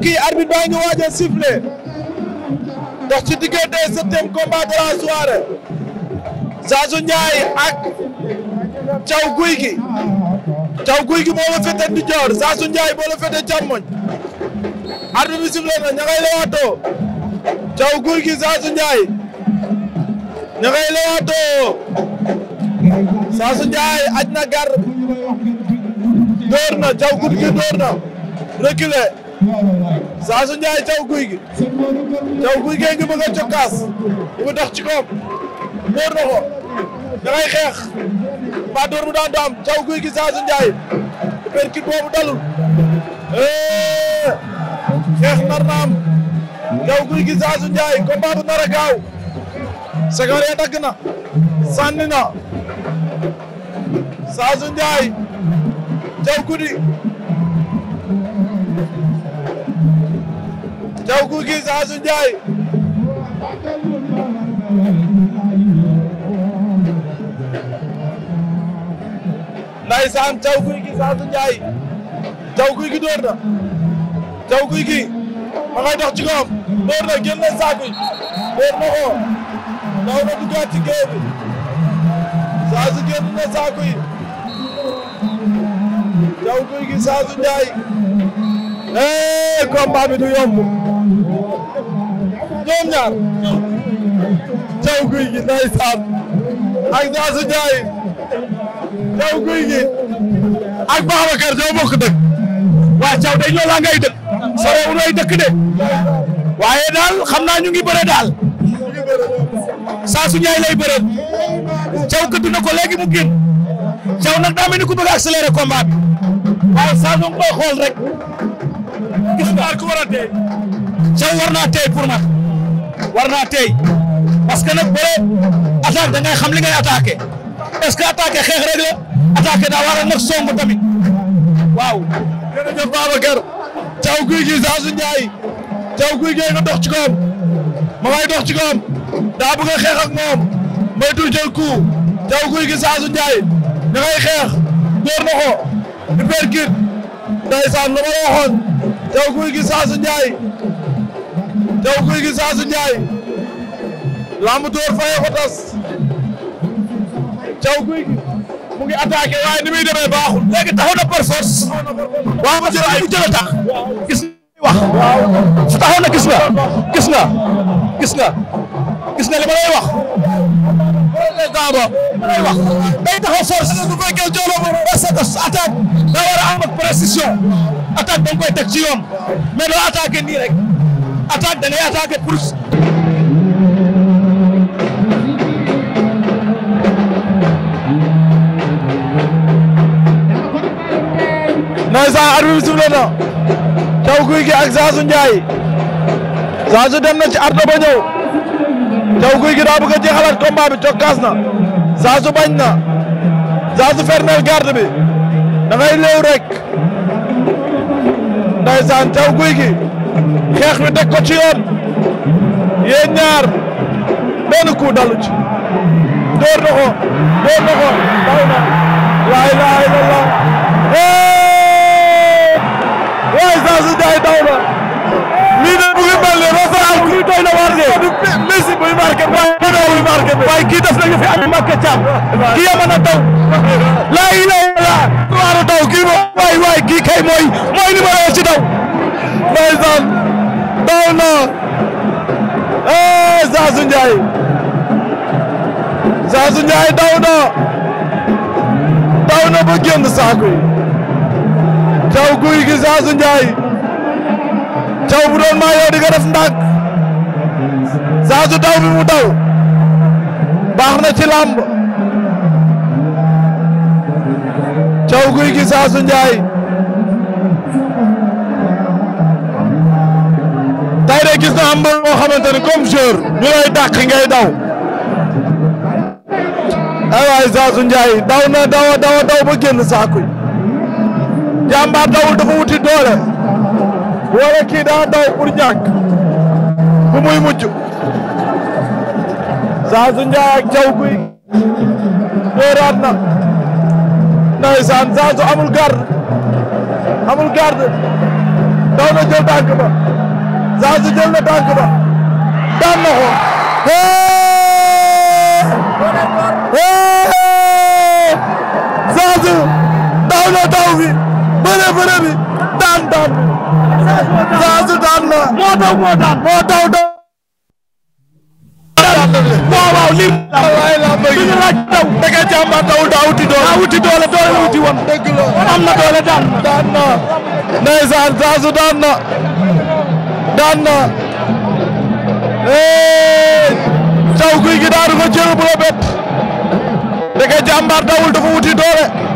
kii arbitre baa ngi waaj a sifflé dox ci diggante septième combat de la soirée Zazu Ndiaye ak Thiaw Gouy Gui Thiaw Gouy Gui moo la féete ndijoor Zazu Ndiaye moo la féete càmmoñ arbitre bi sifflé na ña ngay lewaatoo Thiaw Gouy Gui Zazu Ndiaye ña ngay lewaatoo aj na gar door na Thiaw Gouy Gui door na reculé Saasou Ndiaye caw guy gi caw guy gee ngi bëgg a cokkaas bu mu ci koom dóor na ko da xeex ba dóor mu daan daam caw guy gi Saasou Ndiaye perkit boobu dalul xeex nar caw guy gi Saasou Ndiaye combat bu nar a gaaw sekar na sànni na caw gudi ndaw gu gi Sassou Ndiaye ndaysaan taw dox ci kawam door na na saako yi door na ko ci géew bi Sassou génn na saako du yomb ñoom ñaar caw guy gi ndeysaan ak Zazu Njaay caw guy gi ak Babacar ñoo bokk dëkk waa caw dañ loola ngay dëkk sore wu nooy dëkk de waaye daal xam naa ñu ngi bëre daal Zazu Njaay lay bëre caw këdd na ko léegi mu caw nag daa bëgg accélérer combat bi waaye Zazu ngi xool rek gis nga ku war a caw war naa tey pour war naa tey parce que nag bëre attaque da ngay xam li ngay attaqué est ce que attaqué xeex rek la attaqué daa war a nag song tamit waaw. jërëjëf Babacar Thiaw Gouye Gui Zazu Ndiaye Thiaw Gouye Gui nga dox ci ma may dox ci daa bëgg a xeex ak moom moytu jël coup Thiaw Gouye Gui Zazu Ndiaye da ngay xeex door na ko di perkit ndeysaan lu ma la waxoon Thiaw Gouye Gui Zazu Ndiaye. Jaw Gouy Gui Sassou Ndiaye lamb door faye ko tas Jaw Gouy Gui mu ngi attaqué waaye ni muy demee baaxul léegi taxaw na par force waaw mu jël mu jël tax gis wax su taxaw na gis nga gis nga gis nga gis nga li ma lay wax président ba lay wax day taxaw force bu fekkee joolo parce que attaque daa war a am ak précision attaque da nga koy teg ci yoon mais doo attaqué nii rek attaque da ngay attaqué pour. na Taw Guy gi ak Zazu Ndiaye Zazu dem na ci ardo ba ñëw Taw Guy gi daa bëgg a jeexalaat combat bi cokkaas na Zazu bañ na Zazu fernel garde bi da ngay léew rek ndeysaan Taw Guy gi. xeex bi teg ko ci yoon yéen ñaar benn coup dalu door na door na ko daw waaye saa su jaay daw bu ngi mel ni Rosaal lii doy na waar de Messi buy marqué waaye kii def nañu fi ak marqué Thiam kii yaa mën a daw laa ilaaha illallah waaw kii moom waay kii kay mooy mooy numéro ci daw ndeysaan daw na eh Zazu Ndiaye Zazu Ndiaye daw na daw na ba génn caw guy gi Zazu Ndiaye caw bu doon maa yow di nga daw bi mu daw baax na ci làmb caw guy gi Zazu Ndiaye gis naa mbër moo xamante ni comme joueur ñu lay dàq ngay daw ay waay Zazu Ndiaye daw na daw a daw a daw ba génn saakuy jàmbaar dawul dafa wuti doole wala kii daa daw pour ñàkk bu muy mujj Zazu Ndiaye ak Thiaw Gouye dóoraat na ndeysaan Zazu amul garde amul garde daw na jël tànk ba Zazu jël na tànk ba daan na ko Zazu daw na daw bi bëre bëre bi daan daan Zazu daan na moo daw moo daan moo daw daw waaw waaw lii waay la bëgg ñu laaj daw da nga jàmbaar daw daa wuti doole daa wuti doole doole wuti woon dëgg la am na doole daan daan na ndeysaan Zazu daan na daan na taw guy gi daanu ko jël bu la bett ndeke jàmbaar dawul dafa wuti doole